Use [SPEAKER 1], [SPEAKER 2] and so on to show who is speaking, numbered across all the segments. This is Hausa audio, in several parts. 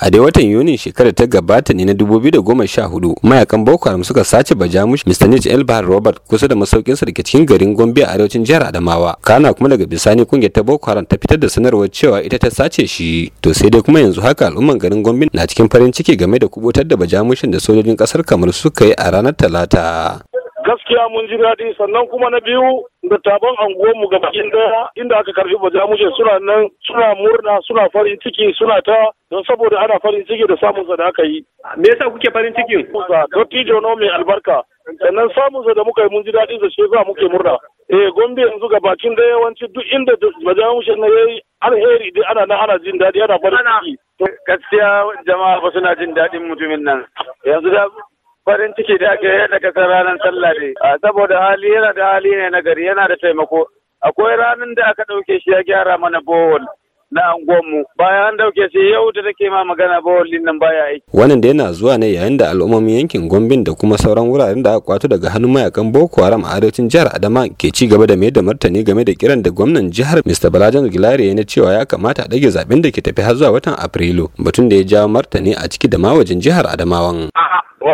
[SPEAKER 1] a dai watan yunin shekarar ta gabata ne na 2014 mayakan boko haram suka sace bajamush mr nij elbahar robert kusa da masaukinsa da ke cikin garin gombe a arewacin jihar adamawa kana kuma daga bisani kungiyar ta boko haram ta fitar da sanarwar cewa ita ta sace shi to sai dai kuma yanzu haka al'umman garin gombe na cikin farin ciki game da kubutar da bajamushin da sojojin kasar kamar suka yi a ranar talata
[SPEAKER 2] gaskiya mun ji daɗi sannan kuma na biyu da taban anguwanmu ga bakin daya inda aka karfi ba je suna nan suna murna suna farin ciki suna ta don saboda ana farin ciki da samun sa da aka yi me yasa kuke farin ciki dottijo nawa mai albarka sannan samun sa da muka yi mun ji daɗi da shi muke murna eh gombe yanzu ga bakin daya yawanci duk inda ba mu na yayi alheri dai ana nan ana jin daɗi ana farin ciki gaskiya jama'a ba suna jin daɗin mutumin nan yanzu da farin ciki da aka yi da ranar sallah ne saboda hali yana da hali ne na gari yana da taimako akwai ranar da aka ɗauke shi ya gyara mana bowl na angonmu bayan an dauke shi yau da take ma magana din nan baya aiki.
[SPEAKER 1] Wannan da yana zuwa ne yayin da al'ummomin yankin Gombin da kuma sauran wuraren da aka kwato daga hannun mayakan Boko Haram a arewacin jihar Adama ke ci gaba da mai da martani game da kiran da gwamnan jihar Mr. Balajan Gilari ya na cewa ya kamata a dage zaben da ke tafi har zuwa watan Afrilu batun da ya jawo martani a ciki da ma wajen jihar Adamawan.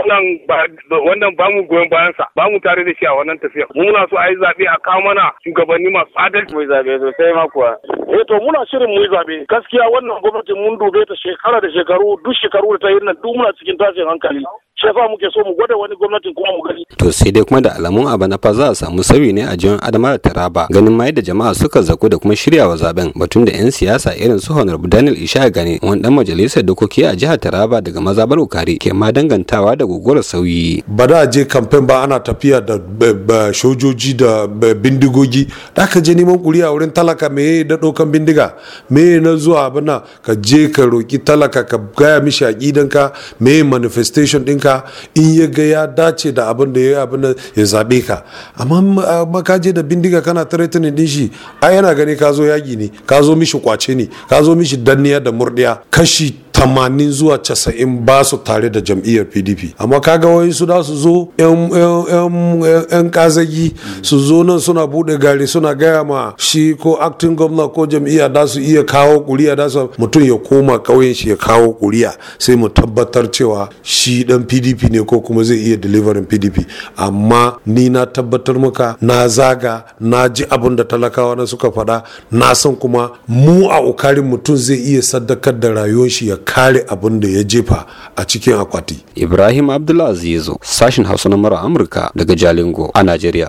[SPEAKER 2] wannan ba mu goyon bayansa. ba mu tare da shi a wannan tafiya mu muna so a yi zabe a kawo mana shugabanni masu adalci mu zabe sosai ma kuwa eh to muna shirin mu yi zabe gaskiya wannan gwamnati mun dube ta shekara da shekaru duk shekaru da ta yi nan duk muna cikin tashin hankali sai fa muke so mu gwada wani gwamnatin kuma mu gani
[SPEAKER 1] to sai dai kuma da alamun abu na fa za a samu sauyi ne a jihar Adamawa Taraba ganin ma yadda jama'a suka zaku da kuma wa zaben batun da yan siyasa irin su Honor Daniel Isha Gani wani dan majalisar dokoki a jihar Taraba daga mazabar Ukari ke ma dangantawa da gogorar sauyi ba da je kamfen
[SPEAKER 3] ba ana tafiya da shojoji da bindigogi da ka je neman a wurin talaka me da dokan bindiga me na zuwa bana ka je ka roki talaka ka gaya mishi aqidanka me manifestation dinka in ya ga ya dace da abin da ya abin da ya zabe ka amma ka je da bindiga kana threatening din shi a yana gani ka zo yaki ne ka zo mishi kwace ne ka zo mishi danniya da murdiya kashi tamanin zuwa casa'in ba su tare da jam'iyyar pdp amma kaga wai su da su zo yan kazagi su zo nan suna bude gari suna gaya ma shi ko acting gwamna ko jam'iyya da su iya kawo kuriya da su mutum ya koma ƙauyen shi ya kawo kuriya sai mu tabbatar cewa shi dan pdp ne ko kuma zai iya delivering pdp amma ni na tabbatar maka na zaga na ji abin da talakawa na suka faɗa na san kuma mu a ukarin mutum zai iya sadakar da rayuwar shi ya kare
[SPEAKER 1] abin da ya jefa a cikin akwati ibrahim abdulaziz sashin hausa na mara amurka daga jalingo a najeriya